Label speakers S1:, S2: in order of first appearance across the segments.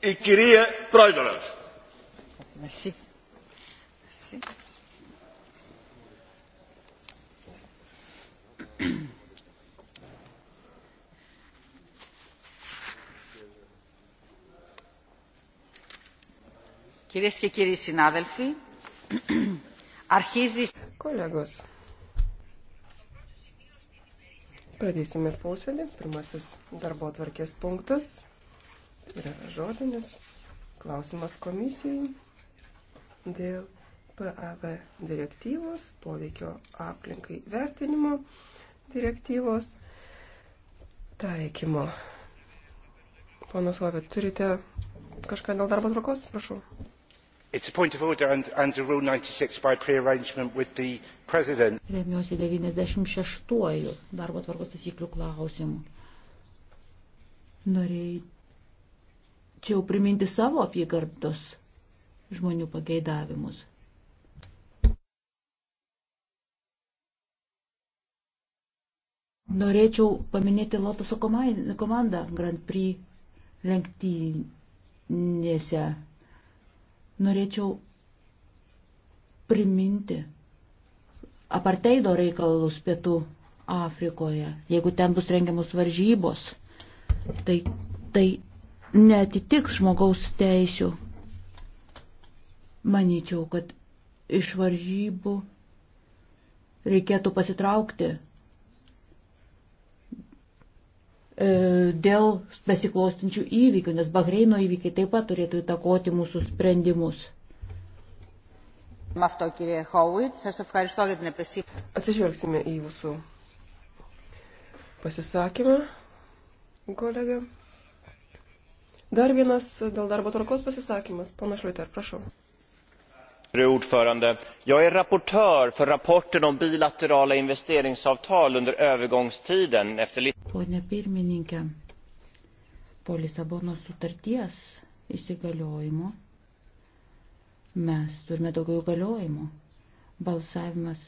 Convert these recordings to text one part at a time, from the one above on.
S1: η κυρία Πρόεδρος. Merci. Merci.
S2: Κυρίες και κύριοι συνάδελφοι, αρχίζει... Kolegos,
S3: pradėsime posėdį. Pirmasis darbo atvarkės punktas yra žodinis klausimas komisijai dėl PAV direktyvos, poveikio aplinkai vertinimo direktyvos taikymo. Ponas Lovė, turite kažką dėl darbo tvarkos, prašau.
S4: It's a point of order under, under Rule 96 by pre-arrangement with the President.
S2: Remiuosi 96 darbo tvarkos taisyklių klausimų. Norėjai norėčiau priminti savo apygardos žmonių pageidavimus. Norėčiau paminėti Lotuso komandą Grand Prix lenktynėse. Norėčiau priminti aparteido reikalus pietų Afrikoje. Jeigu ten bus rengiamos varžybos, tai tai netitiks žmogaus teisių. Manyčiau, kad iš varžybų reikėtų pasitraukti e, dėl besiklostinčių įvykių, nes Bahreino įvykiai taip pat turėtų įtakoti mūsų sprendimus. Atsižvelgsime
S3: į jūsų pasisakymą, kolega. Dar vienas dėl darbo tvarkos pasisakymas. Pana Šliuter, prašau.
S4: Fru ordförande, jag är rapportör för rapporten om bilaterala investeringsavtal under övergångstiden efter
S2: Pone pirmininkė, po Lisabonos sutarties įsigaliojimo mes turime daugiau galiojimų. Balsavimas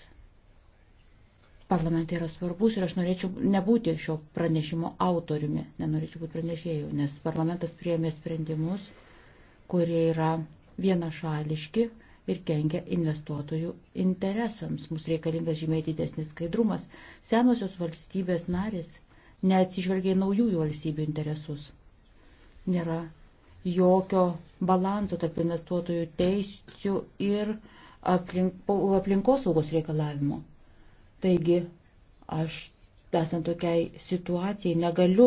S2: parlamentai yra svarbus ir aš norėčiau nebūti šio pranešimo autoriumi, nenorėčiau būti pranešėjų, nes parlamentas priėmė sprendimus, kurie yra vienašališki ir kenkia investuotojų interesams. Mums reikalingas žymiai didesnis skaidrumas. Senosios valstybės narės neatsižvelgia į naujųjų valstybių interesus. Nėra jokio balanso tarp investuotojų teisų ir aplink, aplinkosaugos reikalavimo Taigi aš, esant tokiai situacijai, negaliu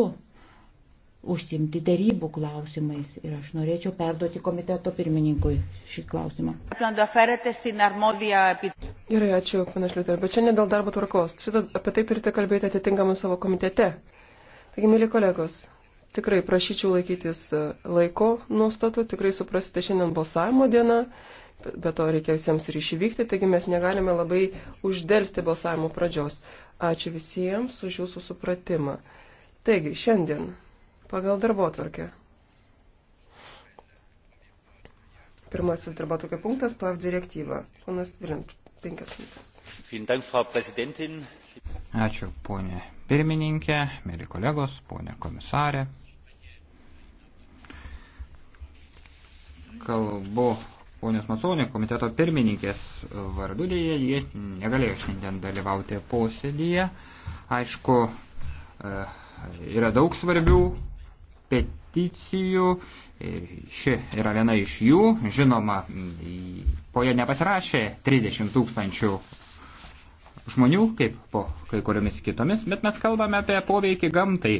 S2: užsimti darybų klausimais ir aš norėčiau perduoti komiteto pirmininkui šį klausimą.
S3: Gerai, ačiū, panas Liuter, bet čia ne dėl darbo tvarkos. Šitą, apie tai turite kalbėti atitinkamą savo komitete. Taigi, mėly kolegos, tikrai prašyčiau laikytis e, laiko nuostatų, tikrai suprasite šiandien balsavimo dieną be to reikia visiems ir išvykti, taigi mes negalime labai uždėlsti balsavimo pradžios. Ačiū visiems už jūsų supratimą. Taigi, šiandien pagal darbo tvarkę. Pirmasis darbo tvarkė punktas - PAV direktyva. Ponas Vilint, penkias
S4: minutės. Ačiū, ponė pirmininkė, mėly kolegos, ponė komisarė. Kalbu ponios Maconė komiteto pirmininkės vardu dėje, jie negalėjo šiandien dalyvauti posėdėje. Aišku, e, yra daug svarbių peticijų, ši yra viena iš jų, žinoma, po ją nepasirašė 30 tūkstančių žmonių, kaip po kai kuriomis kitomis, bet mes kalbame apie poveikį gamtai,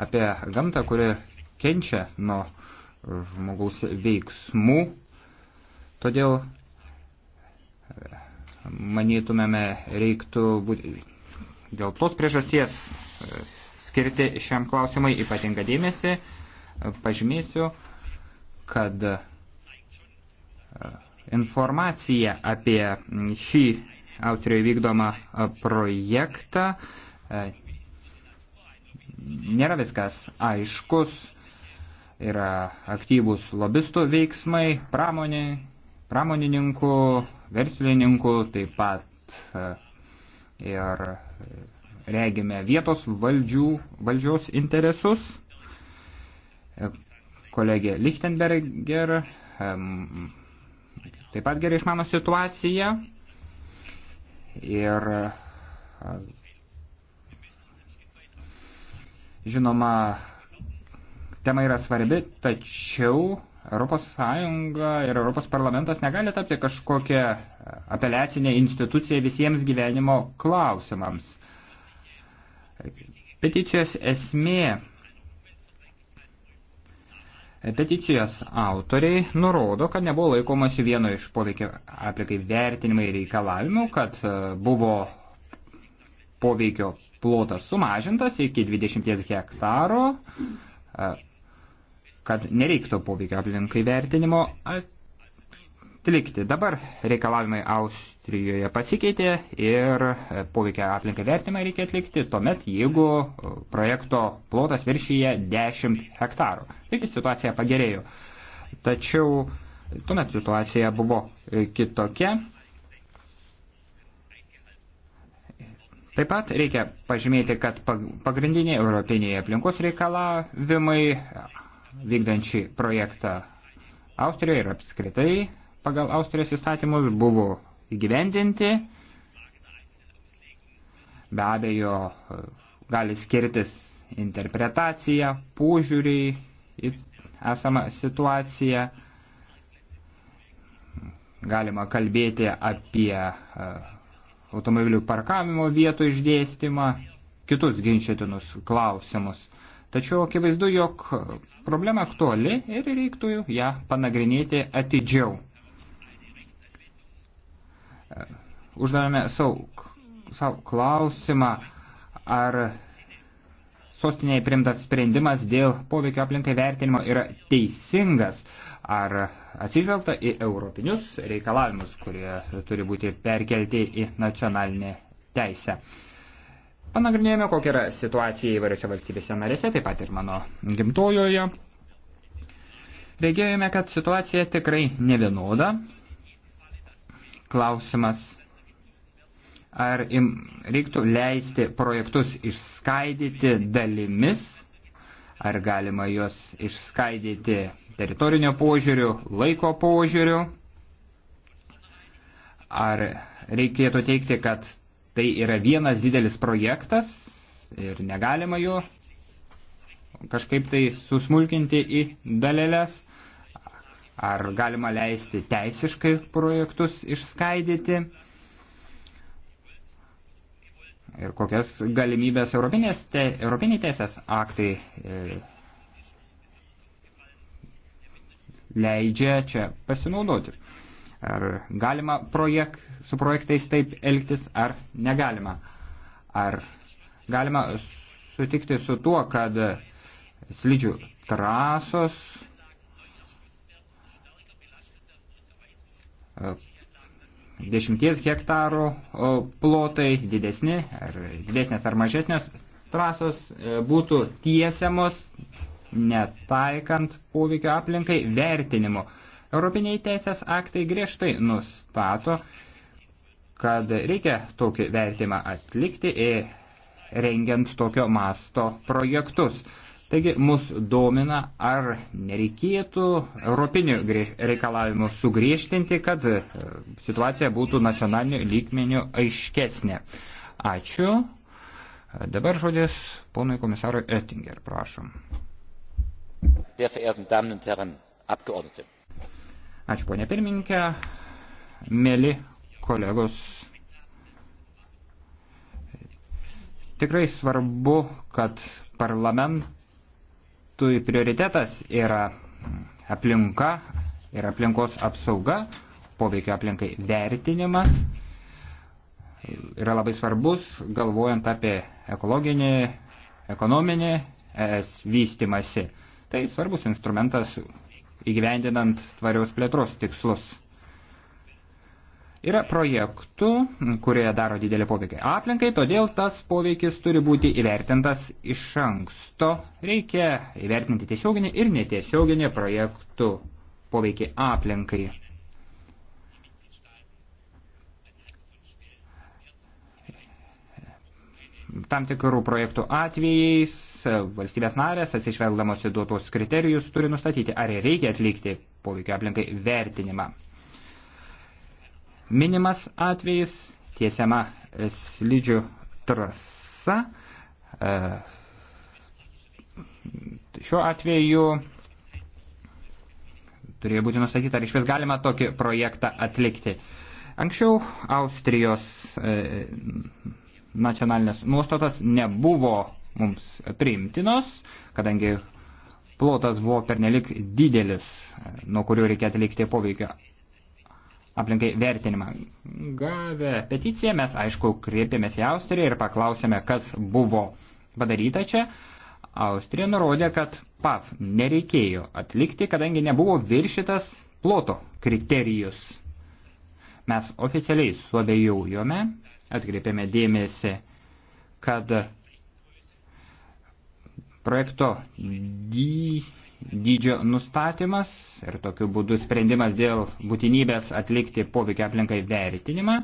S4: apie gamtą, kuri kenčia nuo žmogaus veiksmų Todėl e, manytumėme reiktų būti dėl tos priežasties e, skirti šiam klausimai ypatingą dėmesį. E, pažymėsiu, kad informacija apie šį Austrijoje vykdomą projektą nėra viskas aiškus, yra aktyvūs lobistų veiksmai, pramonė, pramonininkų, verslininkų, taip pat e, ir regime vietos valdžių, valdžios interesus. E, kolegė Lichtenberger e, taip pat gerai išmano situaciją ir žinoma, tema yra svarbi, tačiau Europos Sąjunga ir Europos parlamentas negali tapti kažkokią apeliacinę instituciją visiems gyvenimo klausimams. Peticijos esmė. Peticijos autoriai nurodo, kad nebuvo laikomasi vieno iš poveikio aplikai vertinimai reikalavimų, kad e, buvo poveikio plotas sumažintas iki 20 hektaro, e, kad nereiktų poveikio aplinkai vertinimo atlikti. Dabar reikalavimai Austrijoje pasikeitė ir poveikio aplinkai vertinimą reikia atlikti tuomet, jeigu projekto plotas viršyje 10 hektarų. Taigi situacija pagerėjo. Tačiau tuomet situacija buvo kitokia. Taip pat reikia pažymėti, kad pagrindiniai europiniai aplinkos reikalavimai vykdant šį projektą Austrijoje ir apskritai pagal Austrijos įstatymus buvo įgyvendinti. Be abejo, gali skirtis interpretacija, požiūriai į esamą situaciją. Galima kalbėti apie e, automobilių parkavimo vietų išdėstymą, kitus ginčytinus klausimus. Tačiau akivaizdu, jog problema aktuali ir reiktų ją panagrinėti atidžiau. Uždavėme savo, savo klausimą, ar sostinėje primtas sprendimas dėl poveikio aplinkai vertinimo yra teisingas, ar atsižvelgta į europinius reikalavimus, kurie turi būti perkelti į nacionalinę teisę. Panagrinėjome, kokia yra situacija įvairiose valstybėse narėse, taip pat ir mano gimtojoje. Regėjome, kad situacija tikrai nevienoda. Klausimas, ar im, reiktų leisti projektus išskaidyti dalimis, ar galima juos išskaidyti teritorinio požiūrių, laiko požiūrių, ar reikėtų teikti, kad Tai yra vienas didelis projektas ir negalima jo kažkaip tai susmulkinti į dalelės. Ar galima leisti teisiškai projektus išskaidyti? Ir kokias galimybės europinės te, europiniai teisės aktai e, leidžia čia pasinaudoti. Ar galima projek, su projektais taip elgtis, ar negalima? Ar galima sutikti su tuo, kad slidžių trasos e, dešimties hektarų e, plotai didesni, ar didesnės ar mažesnės trasos e, būtų tiesiamos netaikant poveikio aplinkai vertinimo. Europiniai teisės aktai griežtai nustato, kad reikia tokį vertimą atlikti ir rengiant tokio masto projektus. Taigi mus domina, ar nereikėtų europinių reikalavimų sugriežtinti, kad e, situacija būtų nacionaliniu lygmeniu aiškesnė. Ačiū. Dabar žodis ponui komisarui Oettinger, prašom. Sehr verehrten Damen und Herren Abgeordnete. Ačiū, ponė pirmininkė. Mėly kolegos, tikrai svarbu, kad parlamentui prioritetas yra aplinka ir aplinkos apsauga, poveikio aplinkai vertinimas yra labai svarbus, galvojant apie ekologinį, ekonominį es vystimasi. Tai svarbus instrumentas įgyvendinant tvariaus plėtros tikslus. Yra projektų, kurie daro didelį poveikį aplinkai, todėl tas poveikis turi būti įvertintas iš anksto. Reikia įvertinti tiesioginį ir netiesioginį projektų poveikį aplinkai. tam tikrų projektų atvejais valstybės narės, atsižvelgdamos į duotos kriterijus, turi nustatyti, ar reikia atlikti poveikio aplinkai vertinimą. Minimas atvejis tiesiama slidžių trasa. E, šiuo atveju turėjo būti nustatyta, ar iš vis galima tokį projektą atlikti. Anksčiau Austrijos e, nacionalinės nuostatas nebuvo mums priimtinos, kadangi plotas buvo pernelik didelis, nuo kurio reikia atlikti poveikio aplinkai vertinimą. Gavę peticiją mes, aišku, kreipėmės į Austriją ir paklausėme, kas buvo padaryta čia. Austrija nurodė, kad PAF nereikėjo atlikti, kadangi nebuvo viršytas ploto kriterijus. Mes oficialiai suabejojome atkreipėme dėmesį, kad projekto dy, dydžio nustatymas ir tokiu būdu sprendimas dėl būtinybės atlikti poveikia aplinkai vertinimą.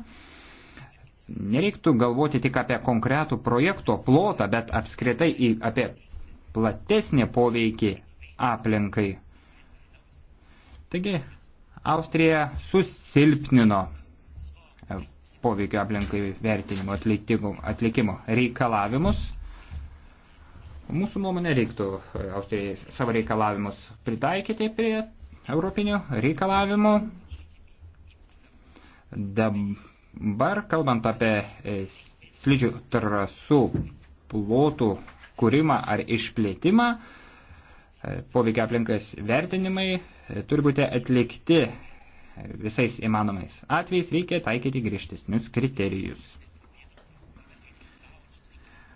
S4: Nereiktų galvoti tik apie konkretų projekto plotą, bet apskritai į, apie platesnį poveikį aplinkai. Taigi, Austrija susilpnino poveikio aplinkai vertinimo atlikimo reikalavimus. Mūsų nuomonė reiktų e, Austrijai savo reikalavimus pritaikyti prie europinio reikalavimo. Dabar, kalbant apie e, slidžių trasų plotų kūrimą ar išplėtimą, e, poveikia aplinkas vertinimai turi būti atlikti visais įmanomais atvejais reikia taikyti griežtesnius kriterijus.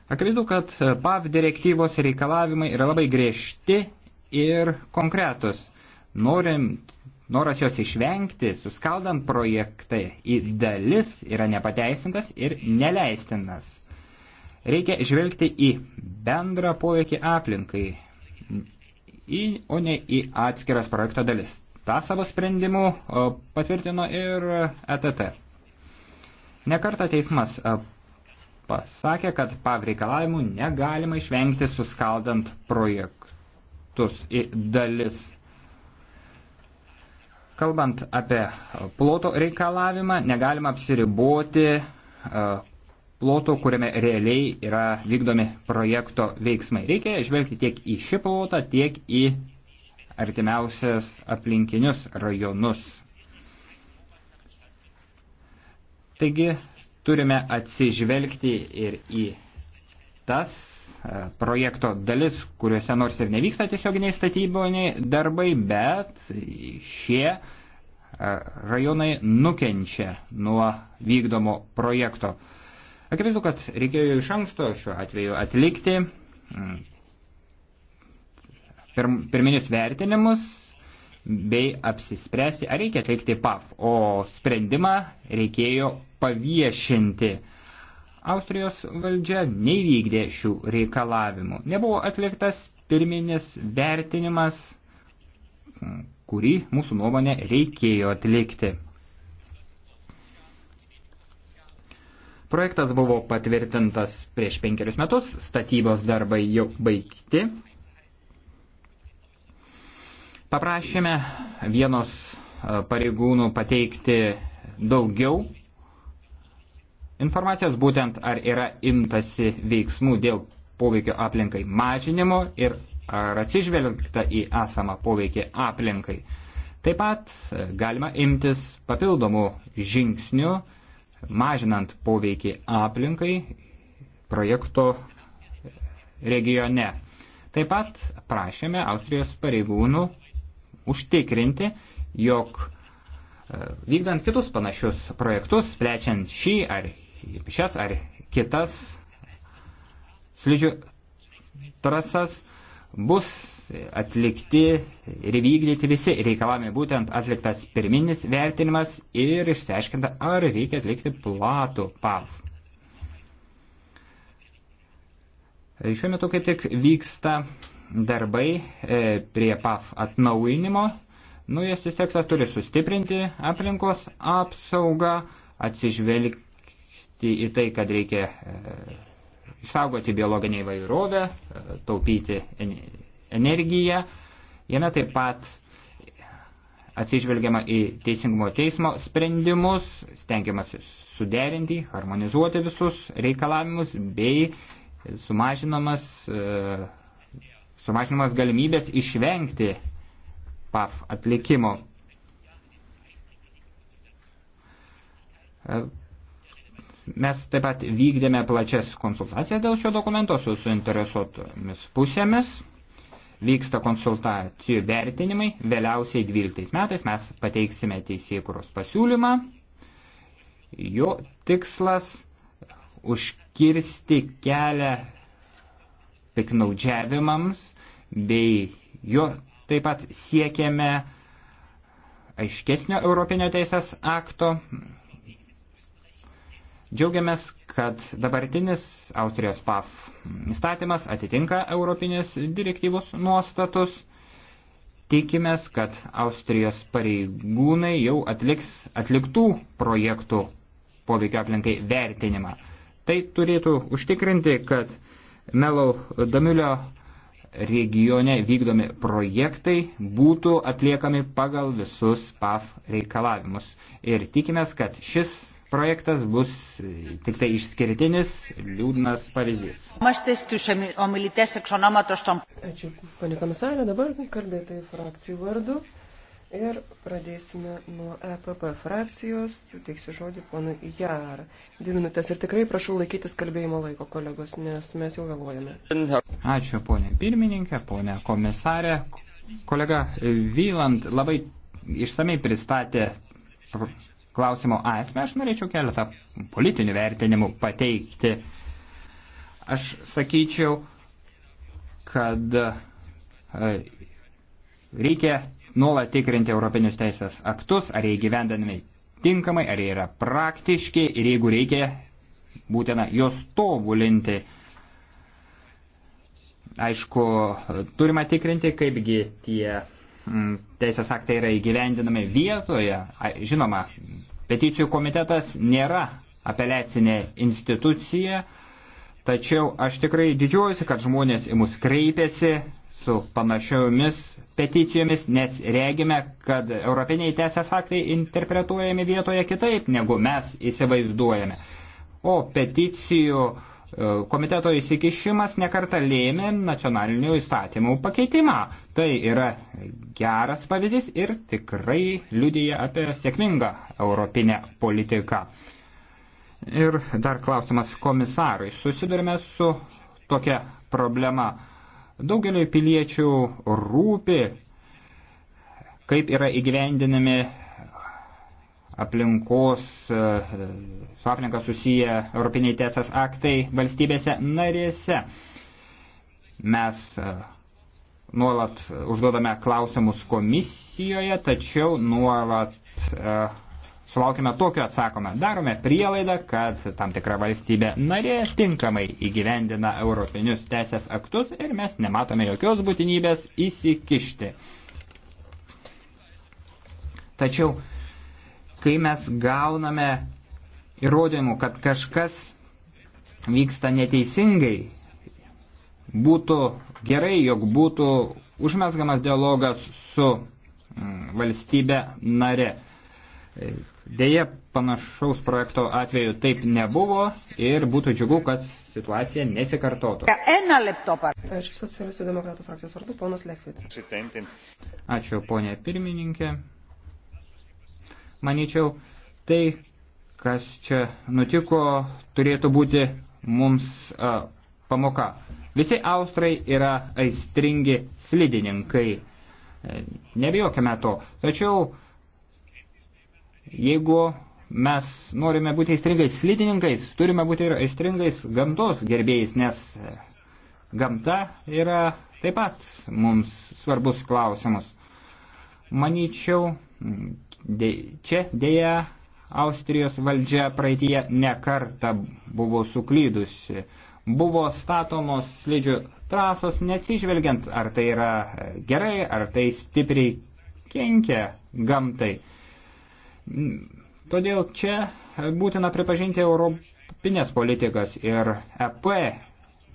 S4: Akivaizdu, kad PAV direktyvos reikalavimai yra labai griežti ir konkretus. Norim, noras jos išvengti, suskaldant projektą į dalis yra nepateisintas ir neleistinas. Reikia žvelgti į bendrą poveikį aplinkai, į, o ne į atskiras projekto dalis tą savo sprendimų patvirtino ir ETT. E Nekarta teismas e, pasakė, kad PAV reikalavimų negalima išvengti suskaldant projektus į dalis. Kalbant apie ploto reikalavimą, negalima apsiriboti e, ploto, kuriame realiai yra vykdomi projekto veiksmai. Reikia žvelgti tiek į šį plotą, tiek į artimiausias aplinkinius rajonus. Taigi turime atsižvelgti ir į tas e, projekto dalis, kuriuose nors ir nevyksta tiesioginiai statyboniai darbai, bet šie e, rajonai nukenčia nuo vykdomo projekto. Akivaizdu, kad reikėjo iš anksto šiuo atveju atlikti pirminius vertinimus bei apsispręsti, ar reikia atlikti PAF, o sprendimą reikėjo paviešinti. Austrijos valdžia neįvykdė šių reikalavimų. Nebuvo atliktas pirminis vertinimas, kurį mūsų nuomonė reikėjo atlikti. Projektas buvo patvirtintas prieš penkerius metus, statybos darbai jau baigti, Paprašėme vienos e, pareigūnų pateikti daugiau informacijos, būtent ar yra imtasi veiksmų dėl poveikio aplinkai mažinimo ir ar atsižvelgta į esamą poveikį aplinkai. Taip pat e, galima imtis papildomų žingsnių, mažinant poveikį aplinkai projekto regione. Taip pat prašėme Austrijos pareigūnų užtikrinti, jog e, vykdant kitus panašius projektus, plečiant šį ar šias ar kitas slidžių trasas, bus atlikti ir vykdyti visi reikalavimai, būtent atliktas pirminis vertinimas ir išsiaiškinta, ar reikia atlikti platų PAV. E, šiuo metu kaip tik vyksta darbai e, prie PAF atnauinimo. Naujasis tekstas turi sustiprinti aplinkos apsaugą, atsižvelgti į tai, kad reikia išsaugoti e, biologinę įvairovę, e, taupyti energiją. Jame taip pat atsižvelgiama į Teisingumo teismo sprendimus, stengiamasi suderinti, harmonizuoti visus reikalavimus bei sumažinamas sumažinamas galimybės išvengti PAF atlikimo. Mes taip pat vykdėme plačias konsultacijas dėl šio dokumento su suinteresuotomis pusėmis. Vyksta konsultacijų vertinimai. Vėliausiai 12 metais mes pateiksime teisėkuros pasiūlymą. Jo tikslas užkirsti kelią piknaudžiavimams bei jo taip pat siekiame aiškesnio europinio teisės akto. Džiaugiamės, kad dabartinis Austrijos PAF įstatymas atitinka europinės direktyvos nuostatus. Tikimės, kad Austrijos pareigūnai jau atliks atliktų projektų poveikio aplinkai vertinimą. Tai turėtų užtikrinti, kad Melo Damilio regione vykdomi projektai būtų atliekami pagal visus PAF reikalavimus. Ir tikimės, kad šis projektas bus tik tai išskirtinis, liūdnas pavyzdys.
S2: Ačiū, panė komisarė, dabar
S3: kalbėtai frakcijų vardu. Ir pradėsime nuo EPP frakcijos. Teiksiu žodį ponui Jar. Dvi minutės ir tikrai prašau laikytis kalbėjimo laiko, kolegos, nes mes jau vėluojame.
S4: Ačiū, ponė pirmininkė, ponė komisarė. Kolega Vyland labai išsamei pristatė klausimo esmę. Aš norėčiau keletą politinių vertinimų pateikti. Aš sakyčiau, kad e, reikia nuolat tikrinti europinius teisės aktus, ar jie gyvendami tinkamai, ar jie yra praktiški ir jeigu reikia, būtina juos tobulinti. Aišku, turime tikrinti, kaipgi tie m, mm, teisės aktai yra įgyvendinami vietoje. Žinoma, peticijų komitetas nėra apeliacinė institucija, tačiau aš tikrai didžiuojuosi, kad žmonės į mus kreipiasi, su panašiomis peticijomis, nes regime, kad europiniai teisės aktai interpretuojami vietoje kitaip, negu mes įsivaizduojame. O peticijų e, komiteto įsikišimas nekarta lėmė nacionalinių įstatymų pakeitimą. Tai yra geras pavyzdys ir tikrai liudyja apie sėkmingą europinę politiką. Ir dar klausimas komisarui. Susidurime su tokia problema Daugelio piliečių rūpi, kaip yra įgyvendinami aplinkos, e, su aplinka susiję Europiniai teisės aktai valstybėse narėse. Mes e, nuolat užduodame klausimus komisijoje, tačiau nuolat uh, sulaukime tokio atsakome. Darome prielaidą, kad tam tikra valstybė narė tinkamai įgyvendina europinius teisės aktus ir mes nematome jokios būtinybės įsikišti. Tačiau, kai mes gauname įrodymų, kad kažkas vyksta neteisingai, būtų gerai, jog būtų užmesgamas dialogas su mm, valstybė nare Deja, panašaus projekto atveju taip nebuvo ir būtų džiugu, kad situacija nesikartotų.
S3: Ačiū socialistų demokratų frakcijos vardu, ponas Lechvitis.
S4: Ačiū, ponė pirmininkė. Manyčiau, tai, kas čia nutiko, turėtų būti mums a, pamoka. Visi austrai yra aistringi slidininkai. E, nebijokime to. Tačiau Jeigu mes norime būti aistringais slidininkais, turime būti ir aistringais gamtos gerbėjais, nes e, gamta yra taip pat mums svarbus klausimas. Manyčiau, de, čia dėja Austrijos valdžia praeitie nekarta buvo suklydusi. Buvo statomos slidžių trasos neatsižvelgiant, ar tai yra e, gerai, ar tai stipriai kenkia gamtai. Todėl čia būtina pripažinti europinės politikas ir EP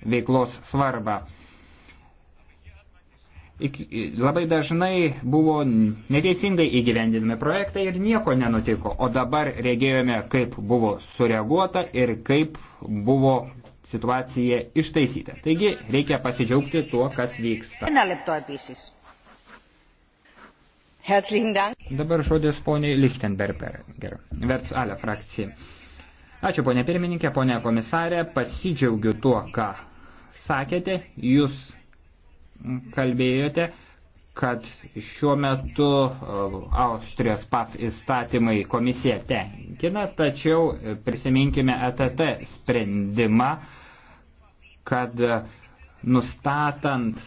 S4: veiklos svarbą. Labai dažnai buvo neteisingai įgyvendinami projektai ir nieko nenutiko, o dabar regėjome, kaip buvo sureaguota ir kaip buvo situacija ištaisyta. Taigi reikia pasidžiaugti tuo, kas vyksta. Herzlichen Dank. Dabar žodis poniai Lichtenberger, Verts Ale frakcija. Ačiū ponė pirmininkė, ponė komisarė, pasidžiaugiu tuo, ką sakėte, jūs kalbėjote, kad šiuo metu uh, Austrijos PAF įstatymai komisija tenkina, tačiau prisiminkime ETT sprendimą, kad uh, nustatant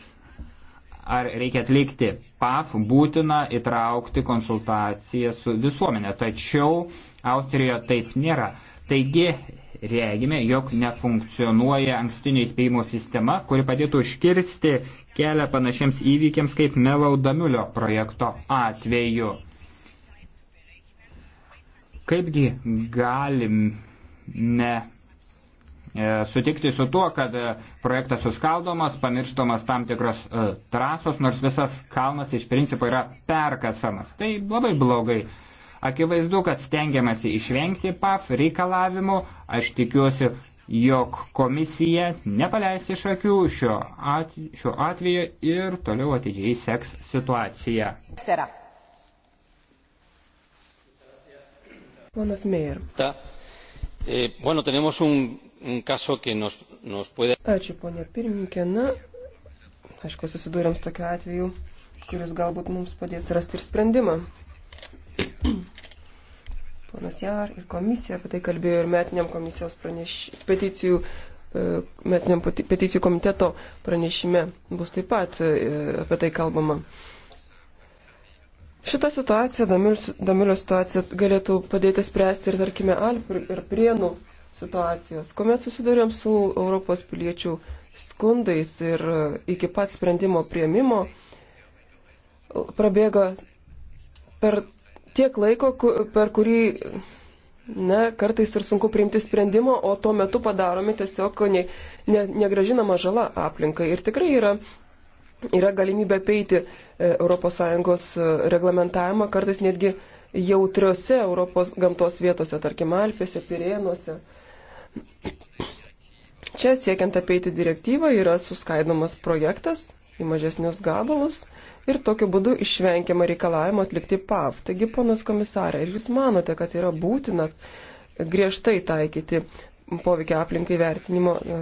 S4: ar reikia atlikti PAF, būtina įtraukti konsultaciją su visuomenė. Tačiau Austrijoje taip nėra. Taigi, reagime, jog nefunkcionuoja ankstinio įspėjimo sistema, kuri padėtų užkirsti kelią panašiems įvykiams kaip Melaudamiulio projekto atveju. Kaipgi galime E, sutikti su tuo, kad e, projektas suskaldomas, pamirštamas tam tikros e, trasos, nors visas kalnas iš principo yra perkasamas. Tai labai blogai. Akivaizdu, kad stengiamasi išvengti PAF reikalavimų. Aš tikiuosi, jog komisija nepaleis iš akių šio, at, šio atveju ir toliau atidžiai seks situaciją.
S3: Ponas Meir.
S4: Ta, eh, bueno, tenemos un caso que nos, nos puede.
S3: Ačiū, ponė pirmininkė. Na, aišku, susidūrėm su tokiu atveju, kuris galbūt mums padės rasti ir sprendimą. Ponas Jar ir komisija apie tai kalbėjo ir metiniam komisijos praneš... peticijų e, metiniam peticijų komiteto pranešime bus taip pat e, apie tai kalbama. Šitą situaciją, Damilio situaciją, galėtų padėti spręsti ir, tarkime, Alpių ir Prienų situacijas, kuomet susidurėm su Europos piliečių skundais ir e, iki pat sprendimo prieimimo prabėga per tiek laiko, per kurį Na, kartais ir sunku priimti sprendimą, o tuo metu padaromi tiesiog ne, ne, negražinama žala aplinkai. Ir tikrai yra, yra galimybė peiti ES e, reglamentavimą, kartais netgi jautriose Europos gamtos vietose, tarkim Alpėse, Pirėnuose. Čia siekiant apeiti direktyvą yra suskaidomas projektas į mažesnius gabalus ir tokiu būdu išvengiama reikalavimo atlikti PAV. Taigi, ponas komisarė, ar jūs manote, kad yra būtina griežtai taikyti poveikia aplinkai vertinimo e,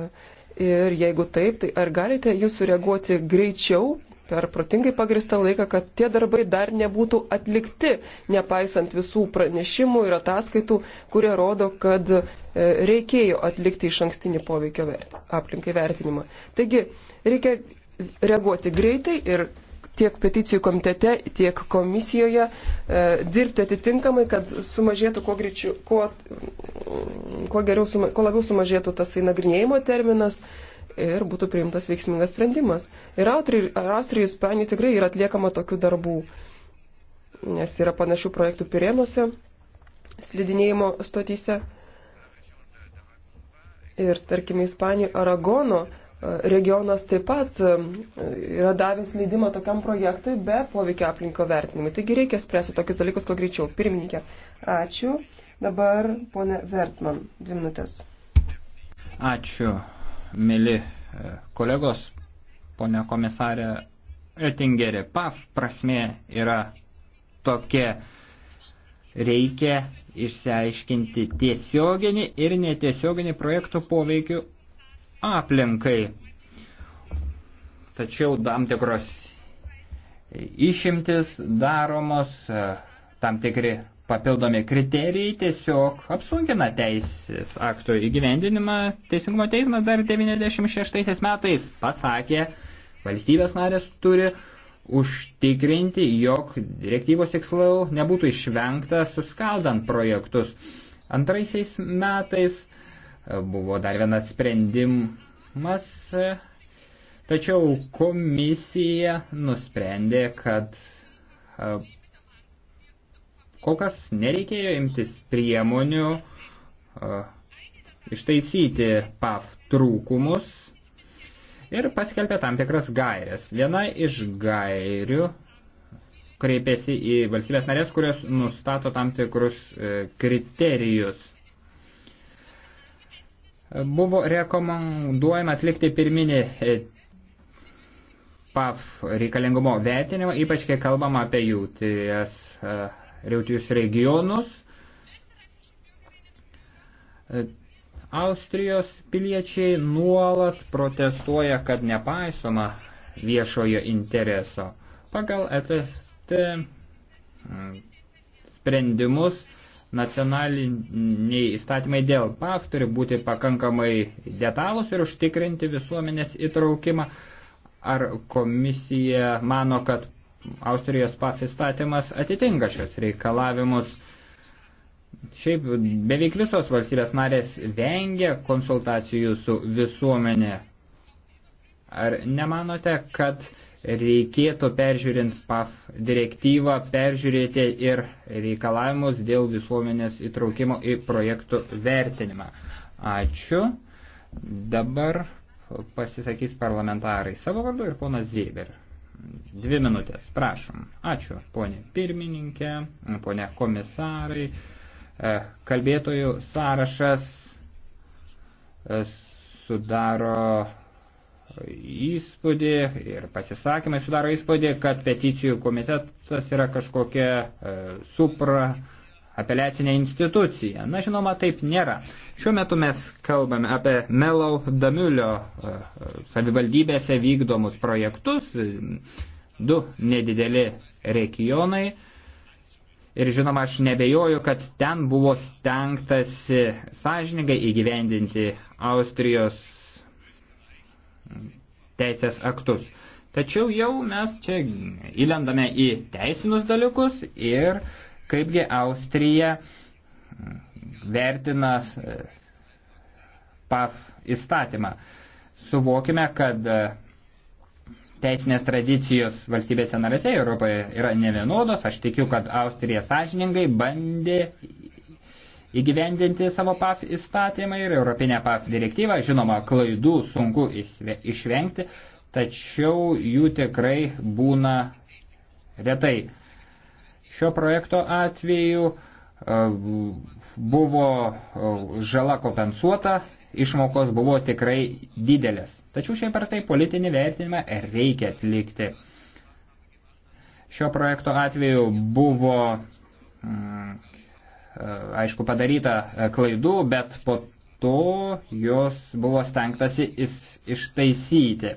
S3: ir jeigu taip, tai ar galite jūs sureaguoti greičiau per protingai pagristą laiką, kad tie darbai dar nebūtų atlikti, nepaisant visų pranešimų ir ataskaitų, kurie rodo, kad E, reikėjo atlikti iš ankstinį poveikio vert, aplinkai vertinimą. Taigi reikia reaguoti greitai ir tiek peticijų komitete, tiek komisijoje e, dirbti atitinkamai, kad sumažėtų kuo, greičiu, kuo, mm, kuo, geriau, suma, kuo labiau sumažėtų tas nagrinėjimo terminas ir būtų priimtas veiksmingas sprendimas. Ir Austrija, Ispanija tikrai yra atliekama tokių darbų, nes yra panašių projektų Pirėnuose, slidinėjimo stotyse. Ir tarkime, Ispanijoje Aragono e, regionas taip pat e, yra davęs leidimą tokiam projektui be poveikio aplinko vertinimui. Taigi reikia spręsti tokius dalykus kuo greičiau. Pirmininkė, ačiū. Dabar ponė Vertman, dvi minutės.
S4: Ačiū, mėly e, kolegos, ponė komisarė Oettingerė. PAF prasme yra tokia. Reikia išsiaiškinti tiesioginį ir netiesioginį projektų poveikių aplinkai. Tačiau tam tikros išimtis daromos, tam tikri papildomi kriterijai tiesiog apsunkina teisės aktų įgyvendinimą. Teisingumo teismas dar 96 metais pasakė, valstybės narės turi užtikrinti, jog direktyvos tikslau nebūtų išvengta suskaldant projektus. Antraisiais metais e, buvo dar vienas sprendimas, e, tačiau komisija nusprendė, kad e, kol kas nereikėjo imtis priemonių ištaisyti PAF trūkumus ir paskelbė tam tikras gairės. Viena iš gairių kreipėsi į valstybės narės, kurios nustato tam tikrus e, kriterijus. Buvo rekomenduojama atlikti pirminį e, PAF reikalingumo vertinimą, ypač kai kalbama apie jautrijas, e, jautrius regionus. Austrijos piliečiai nuolat protestuoja, kad nepaisoma viešojo intereso. Pagal ETT mm, sprendimus nacionaliniai įstatymai dėl PAF turi būti pakankamai detalus ir užtikrinti visuomenės įtraukimą. Ar komisija mano, kad Austrijos PAF įstatymas atitinka šios reikalavimus? Šiaip beveik visos valstybės narės vengia konsultacijų su visuomenė. Ar nemanote, kad reikėtų peržiūrint PAF direktyvą, peržiūrėti ir reikalavimus dėl visuomenės įtraukimo į projektų vertinimą? Ačiū. Dabar pasisakys parlamentarai savo vardu ir ponas Zieber. Dvi minutės, prašom. Ačiū, ponė pirmininkė, ponė komisarai. E, kalbėtojų sąrašas e, sudaro įspūdį ir pasisakymai sudaro įspūdį, kad peticijų komitetas yra kažkokia e, supra apeliacinė institucija. Na, žinoma, taip nėra. Šiuo metu mes kalbame apie Melau Damiulio e, savivaldybėse vykdomus projektus, du nedideli regionai, Ir žinoma, aš nebejoju, kad ten buvo stengtasi sąžiningai įgyvendinti Austrijos teisės aktus. Tačiau jau mes čia įlendame į teisinus dalykus ir kaipgi Austrija vertina PAF įstatymą. Suvokime, kad teisinės tradicijos valstybėse narėse Europoje yra nevienodos. Aš tikiu, kad Austrija sąžiningai bandė įgyvendinti savo PAF įstatymą ir Europinę PAF direktyvą. Žinoma, klaidų sunku išvengti, tačiau jų tikrai būna retai. Šio projekto atveju e, buvo e, žala kompensuota išmokos buvo tikrai didelės. Tačiau šiaip ar tai politinį vertinimą reikia atlikti. Šio projekto atveju buvo, mm, e, aišku, padaryta e, klaidų, bet po to jos buvo stengtasi ištaisyti.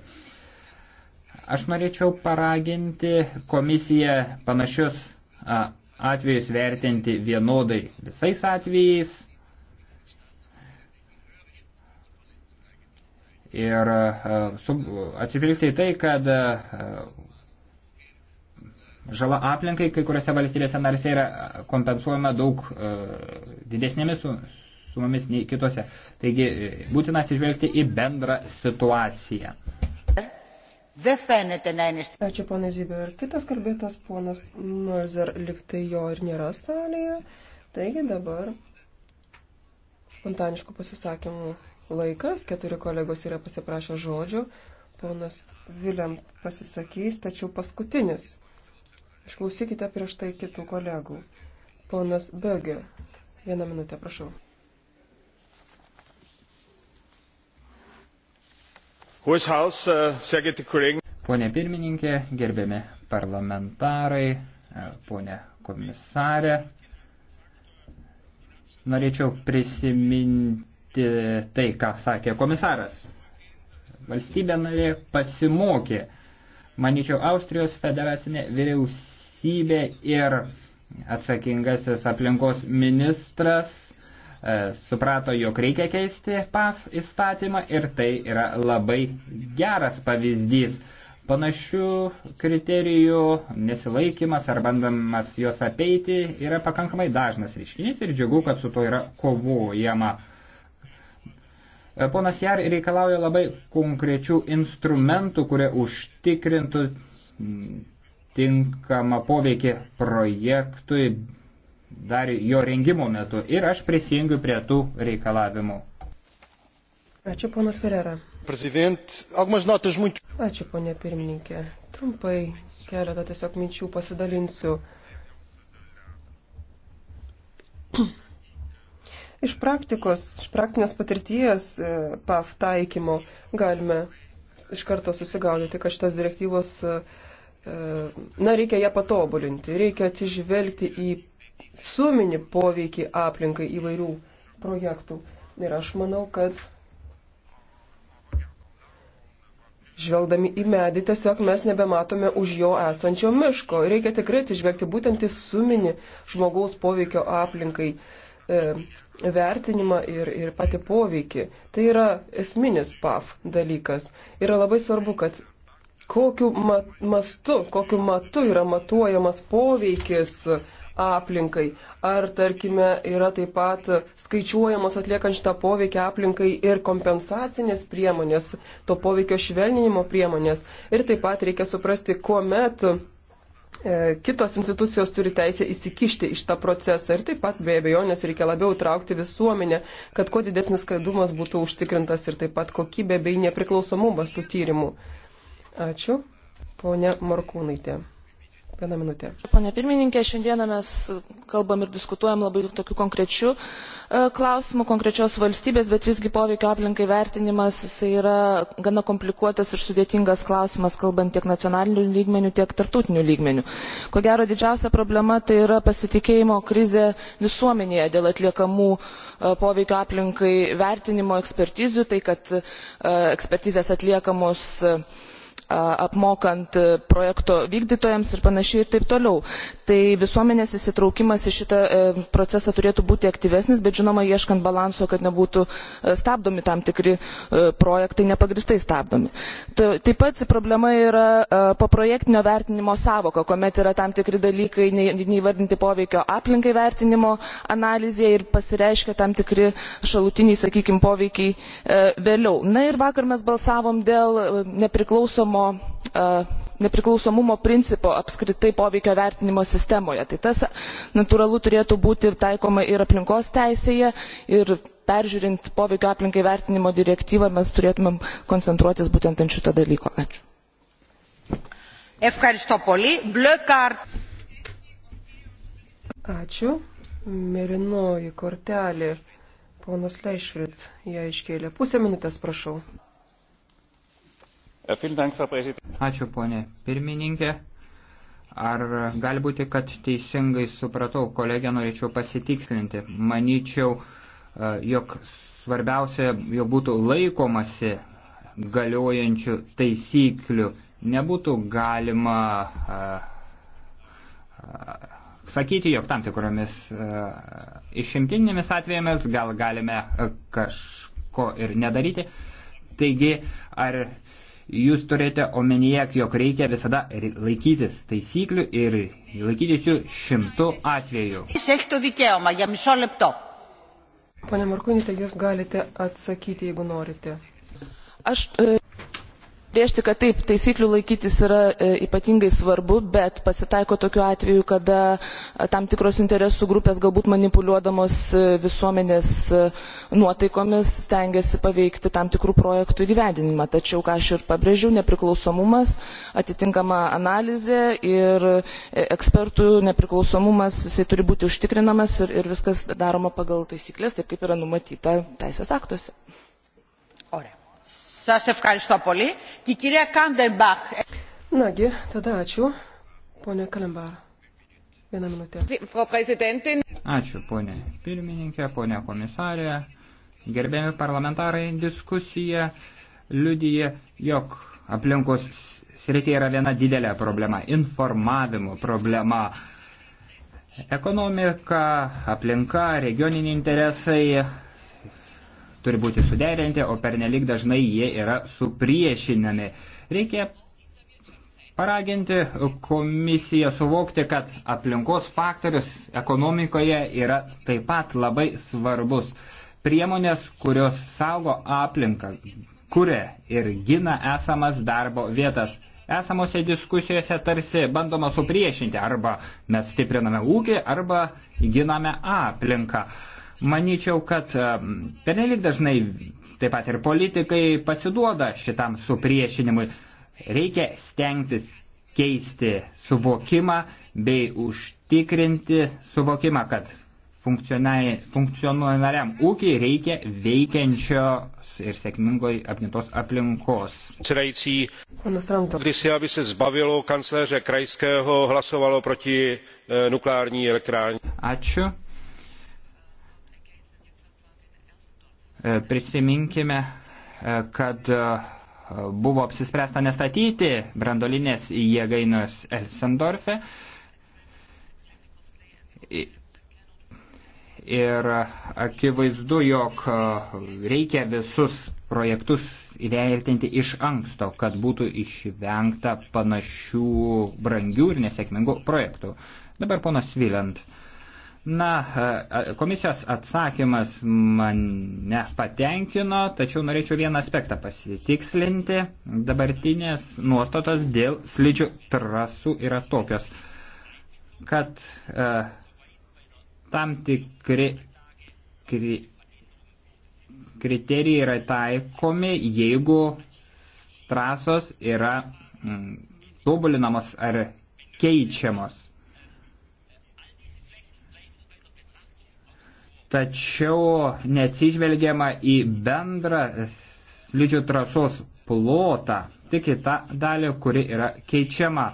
S4: Aš norėčiau paraginti komisiją panašius atvejus vertinti vienodai visais atvejais ir e, atsivilgti į tai, kad e, žala aplinkai kai kuriuose valstybėse narse yra kompensuojama daug e, didesnėmis sumomis nei kitose. Taigi būtina atsižvelgti į bendrą situaciją.
S2: Ačiū
S3: ponai Zyber. Kitas kalbėtas ponas Nolzer liktai jo ir nėra salėje. Taigi dabar spontaniškų pasisakymų laikas, keturi kolegos yra pasiprašę žodžio, ponas Viliam pasisakys, tačiau paskutinis. Išklausykite prieš tai kitų kolegų. Ponas Bögė, vieną minutę, prašau.
S4: Uh, pone pirmininkė, gerbiami parlamentarai, e, pone komisarė, norėčiau prisiminti tai, ką sakė komisaras. Valstybė narė pasimokė. Manyčiau, Austrijos federacinė vyriausybė ir atsakingasis aplinkos ministras e, suprato, jog reikia keisti PAF įstatymą ir tai yra labai geras pavyzdys. Panašių kriterijų nesilaikimas ar bandamas juos apeiti yra pakankamai dažnas reiškinys ir džiugu, kad su to yra kovojama. E, ponas Jar reikalauja labai konkrečių instrumentų, kurie užtikrintų tinkamą poveikį projektui dar jo rengimo metu. Ir aš prisijungiu prie tų reikalavimų.
S3: Ačiū, ponas Ferrera. Ačiū, ponė pirmininkė. Trumpai keletą tiesiog minčių pasidalinsiu. Iš praktikos, iš praktinės patirties e, PAF taikymo galime iš karto susigaudyti, kad šitos direktyvos, e, e, na, reikia ją patobulinti, reikia atsižvelgti į suminį poveikį aplinkai įvairių projektų. Ir aš manau, kad žvelgdami į medį tiesiog mes nebematome už jo esančio miško. Reikia tikrai atsižvelgti būtent į suminį žmogaus poveikio aplinkai E, vertinimą ir, ir patį poveikį. Tai yra esminis PAF dalykas. Yra labai svarbu, kad kokiu mat, mastu, kokiu matu yra matuojamas poveikis aplinkai. Ar, tarkime, yra taip pat skaičiuojamos atliekant šitą poveikį aplinkai ir kompensacinės priemonės, to poveikio švelninimo priemonės. Ir taip pat reikia suprasti, kuomet E, kitos institucijos turi teisę įsikišti į šitą procesą ir taip pat be abejonės reikia labiau traukti visuomenę, kad kuo didesnis skaidrumas būtų užtikrintas ir taip pat kokybė bei nepriklausomumas tų tyrimų. Ačiū, ponė Markūnaitė. Vieną minutę.
S1: Pone pirmininkė, šiandieną mes kalbam ir diskutuojam labai tokių konkrečių e, klausimų, konkrečios valstybės, bet visgi poveikio aplinkai vertinimas jisai yra gana komplikuotas ir sudėtingas klausimas, kalbant tiek nacionalinių lygmenių, tiek tartutinių lygmenių. Ko gero didžiausia problema tai yra pasitikėjimo krizė visuomenėje dėl atliekamų e, poveikio aplinkai vertinimo ekspertizių, tai kad e, ekspertizės atliekamos apmokant e, projekto vykdytojams ir panašiai ir taip toliau. Tai visuomenės įsitraukimas į šitą e, procesą turėtų būti aktyvesnis, bet žinoma, ieškant balanso, kad nebūtų e, stabdomi tam tikri projektai, nepagristai stabdomi. Taip pat problema yra poprojektinio vertinimo savoka, kuomet yra tam tikri dalykai neįvardinti poveikio aplinkai vertinimo analizėje ir pasireiškia tam tikri šalutiniai, sakykime, poveikiai vėliau. Na ir vakar mes balsavom dėl nepriklausomo vertinimo e, nepriklausomumo principo apskritai poveikio vertinimo sistemoje. Tai tas e, natūralu turėtų būti ir taikoma ir aplinkos teisėje ir peržiūrint poveikio aplinkai vertinimo direktyvą mes turėtumėm koncentruotis būtent ant šito dalyko. Ačiū.
S3: Ačiū. Mirinoji kortelė. Ponas Leišvit ją iškėlė. Pusę minutės, prašau.
S2: Ačiū,
S4: ponė pirmininkė. Ar gali būti, kad teisingai supratau, kolegė, norėčiau pasitikslinti. Manyčiau, e, jog svarbiausia, jog būtų laikomasi galiojančių taisyklių. Nebūtų galima a, e, a, e, sakyti, jog tam tikromis a, išimtinėmis atvejėmis gal galime kažko ir nedaryti. Taigi, ar jūs turite omenyje, jog reikia visada laikytis taisyklių ir laikytis jų šimtų atvejų.
S3: Pane Markūnyte, jūs galite atsakyti, jeigu norite.
S1: Aš e, pabrėžti kad taip taisyklių laikytis yra e, ypatingai svarbu bet pasitaiko tokių atvejų kada e, tam tikros interesų grupės galbūt manipuliuodamos e, visuomenės nuotaikomis stengiasi paveikti tam tikrų projektų įgyvendinimą tačiau ką aš ir pabrėžiau nepriklausomumas atitinkama analizė ir ekspertų nepriklausomumas jisai turi būti užtikrinamas ir, ir viskas daroma pagal taisykles taip kaip yra numatyta teisės aktuose.
S2: Σας ευχαριστώ πολύ. Και η κυρία Κάντεμπαχ.
S1: Nagi, tada ačiū.
S3: Pone Kalembara. Vieną minutę.
S4: Ačiū, ponė pirmininkė, ponė komisarė. Gerbėmi parlamentarai, diskusija liudyje, jog aplinkos srityje yra viena didelė problema - informavimo problema. Ekonomika, aplinka, regioniniai interesai turi būti suderinti, o pernelik dažnai jie yra supriešinami. Reikia paraginti komisiją suvokti, kad aplinkos faktorius ekonomikoje yra taip pat labai svarbus. Priemonės, kurios saugo aplinką, kuria ir gina esamas darbo vietas esamose diskusijose tarsi bandoma supriešinti arba mes stipriname ūkį, arba giname aplinką. Manyčiau, kad e, pernelyg dažnai taip pat ir politikai pasiduoda šitam supriešinimui. Reikia stengtis keisti suvokimą bei užtikrinti suvokimą, kad funkcionuojamariam ūkiai reikia veikiančios ir sėkmingoj apgintos aplinkos.
S3: Předající, když si, aby se zbavilo kancléře krajského, hlasovalo proti e, nukleární elektrárně.
S4: Ačiū. E, prisiminkime, e, kad e, buvo apsispręsta nestatyti brandolinės jėgainos Elsendorfe. Ir akivaizdu, jog reikia visus projektus įvertinti iš anksto, kad būtų išvengta panašių brangių ir nesėkmingų projektų. Dabar ponas Vilant. Uh, Na, e, e, komisijos atsakymas mane patenkino, tačiau norėčiau vieną aspektą pasitikslinti. Dabartinės nuostatos dėl slidžių trasų yra tokios, kad e, tam tikri kri, kriterijai yra taikomi, jeigu trasos yra mm, tobulinamos ar keičiamos. tačiau neatsižvelgiama į bendrą slidžių trasos plotą, tik į tą dalį, kuri yra keičiama.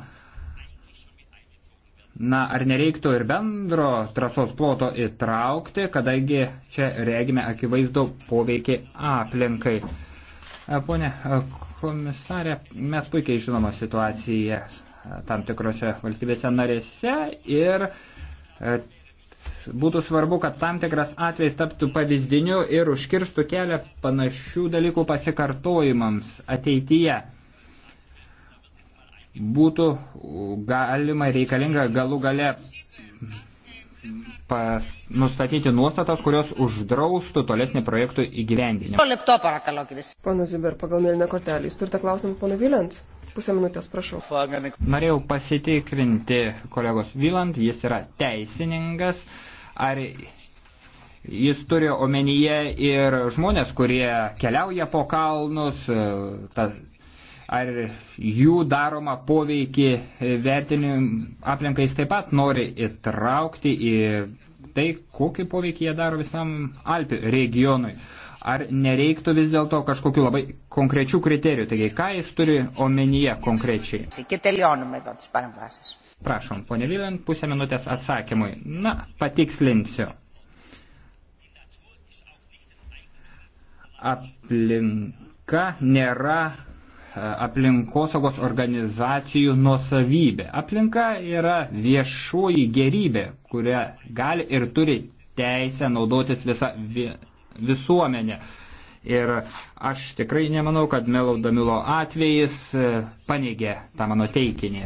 S4: Na, ar nereiktų ir bendro trasos ploto įtraukti, kadangi čia regime akivaizdų poveikį aplinkai. E, Pone komisarė, mes puikiai žinoma situaciją e, tam tikrose valstybėse narėse ir e, būtų svarbu, kad tam tikras atvejs taptų pavyzdiniu ir užkirstų kelią panašių dalykų pasikartojimams ateityje. Būtų galima reikalinga galų gale pas, nustatyti nuostatas, kurios uždraustų tolesnį projektų
S3: įgyvendinimą. Ponas Ziber, pagal mėlyną kortelį, jūs turite klausimą, pono Vilent? Pusę minutės, prašau.
S4: Norėjau pasitikrinti kolegos Vyland, jis yra teisininkas. Ar jis turi omenyje ir žmonės, kurie keliauja po kalnus, ta, ar jų daroma poveikį vertinim aplinkais taip pat nori įtraukti į tai, kokį poveikį jie daro visam Alpių regionui. Ar nereiktų vis dėlto kažkokių labai konkrečių kriterijų? Taigi, ką jis turi omenyje konkrečiai? Prašom, ponė Vylant, pusę minutės atsakymui. Na, patikslinsiu. Aplinka nėra e, aplinkosaugos organizacijų nuosavybė. Aplinka yra viešoji gerybė, kurią gali ir turi teisę naudotis visa visuomenę. Ir aš tikrai nemanau, kad Melo Damilo atvejis e, paneigė tą mano teikinį.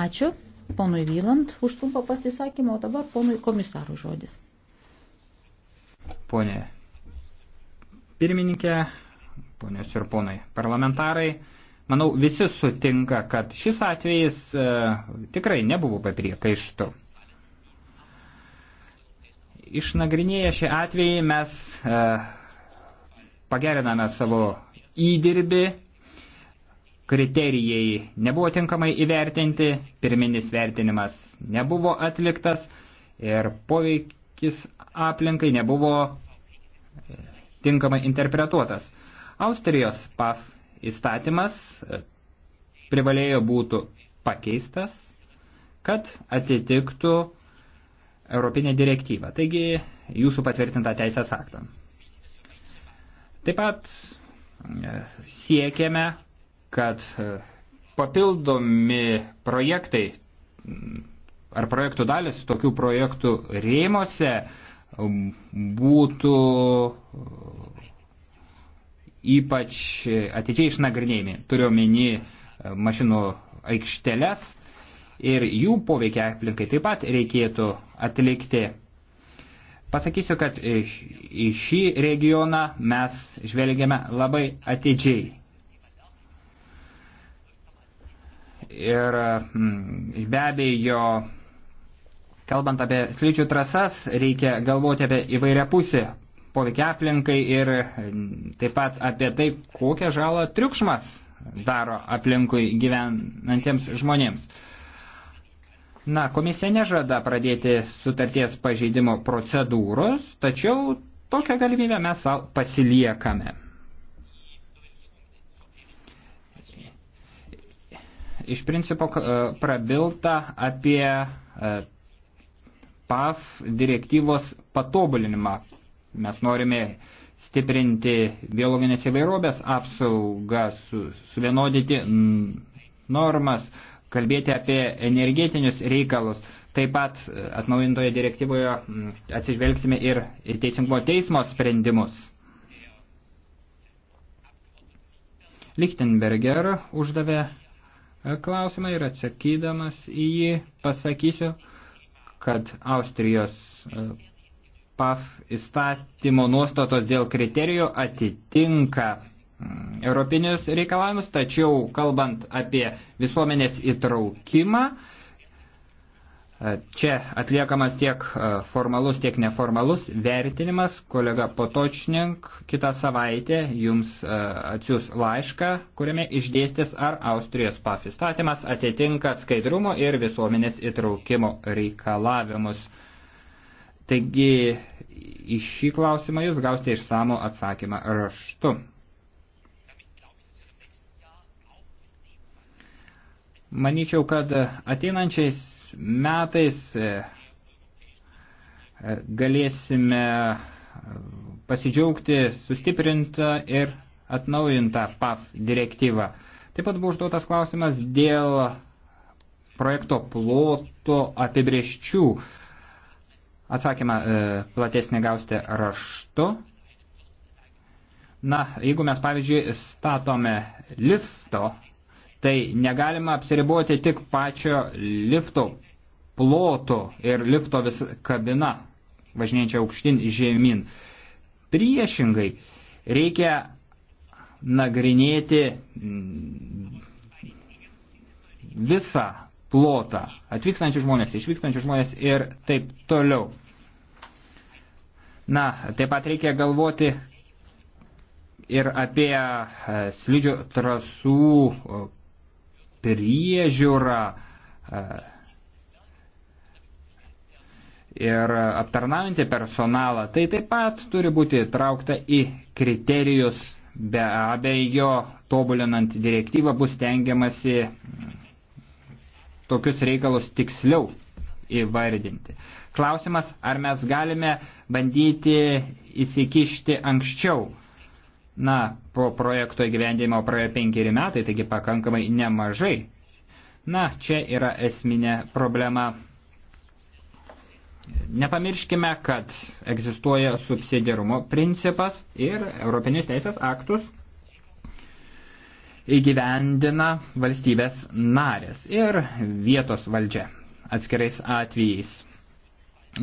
S2: Ačiū ponui Vyland už trumpą pasisakymą, o dabar ponui komisarų žodis.
S4: Pone pirmininkė, ponios ir ponai parlamentarai, manau visi sutinka, kad šis atvejis e, tikrai nebuvo papriekaištų. Išnagrinėję šį atvejį mes e, pageriname savo įdirbį, kriterijai nebuvo tinkamai įvertinti, pirminis vertinimas nebuvo atliktas ir poveikis aplinkai nebuvo e, tinkamai interpretuotas. Austrijos PAF įstatymas e, privalėjo būtų pakeistas, kad atitiktų Europinę direktyvą, taigi jūsų patvirtintą teisės aktą. Taip pat e, siekiame, kad e, papildomi projektai ar projektų dalis tokių projektų rėmose būtų e, ypač atidžiai išnagrinėjami. Turiu meni mašinų aikšteles, ir jų poveikia aplinkai taip pat reikėtų atlikti. Pasakysiu, kad į šį regioną mes žvelgiame labai atidžiai. Ir mm, be abejo, kalbant apie slidžių trasas, reikia galvoti apie įvairią pusę poveikia aplinkai ir mm, taip pat apie tai, kokią žalą triukšmas daro aplinkui gyvenantiems žmonėms. Na, komisija nežada pradėti sutarties pažeidimo procedūros, tačiau tokią galimybę mes pasiliekame. Iš principo e, prabilta apie e, PAF direktyvos patobulinimą. Mes norime stiprinti biologinės įvairovės apsaugą, su, suvienodyti normas, uh, kalbėti apie energetinius reikalus. Taip pat e, atnaujintoje direktyvoje atsižvelgsime ir teisingumo teismo sprendimus. Lichtenberger uždavė e, klausimą ir atsakydamas į jį pasakysiu, kad Austrijos e, PAF įstatymo nuostatos dėl kriterijų atitinka Mm, europinius reikalavimus, tačiau kalbant apie visuomenės įtraukimą, e, čia atliekamas tiek e, formalus, tiek neformalus vertinimas. Kolega Potočnink kitą savaitę jums e, atsiūs laišką, kuriame išdėstis ar Austrijos PAF įstatymas atitinka skaidrumo ir visuomenės įtraukimo reikalavimus. Taigi į šį klausimą jūs gausite išsamų atsakymą raštu. Manyčiau, kad ateinančiais metais e, e, galėsime e, pasidžiaugti sustiprintą ir atnaujintą PAF direktyvą. Taip pat buvo užduotas klausimas dėl projekto ploto apibrieščių. Atsakymą e, platesnį gausite raštu. Na, jeigu mes, pavyzdžiui, statome lifto tai negalima apsiriboti tik pačio lifto ploto ir lifto vis kabina važinėjančia aukštin žemyn. Priešingai reikia nagrinėti mm, visą plotą, atvykstančių žmonės, išvykstančių žmonės ir taip toliau. Na, taip pat reikia galvoti ir apie e, slidžio trasų priežiūra e, ir aptarnaujantį personalą, tai taip pat turi būti traukta į kriterijus, be abejo, tobulinant direktyvą bus tengiamasi mm, tokius reikalus tiksliau įvardinti. Klausimas, ar mes galime bandyti įsikišti anksčiau. Na, po projekto įgyvendėjimo praėjo penkeri metai, taigi pakankamai nemažai. Na, čia yra esminė problema. Nepamirškime, kad egzistuoja subsidiarumo principas ir Europinius teisės aktus įgyvendina valstybės narės ir vietos valdžia atskirais atvejais.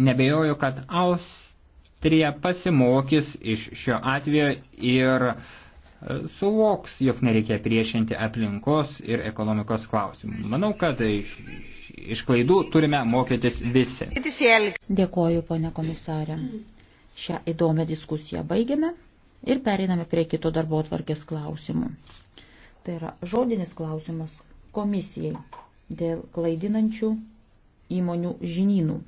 S4: Nebejoju, kad Aus Austrija pasimokys iš šio atvejo ir e, suvoks, jog nereikia priešinti aplinkos ir ekonomikos klausimų. Manau, kad iš, iš klaidų turime mokytis visi.
S2: Dėkoju, ponė komisarė. Šią įdomią diskusiją baigiame ir pereiname prie kito darbo atvarkės klausimų. Tai yra žodinis klausimas komisijai dėl klaidinančių įmonių žinynų.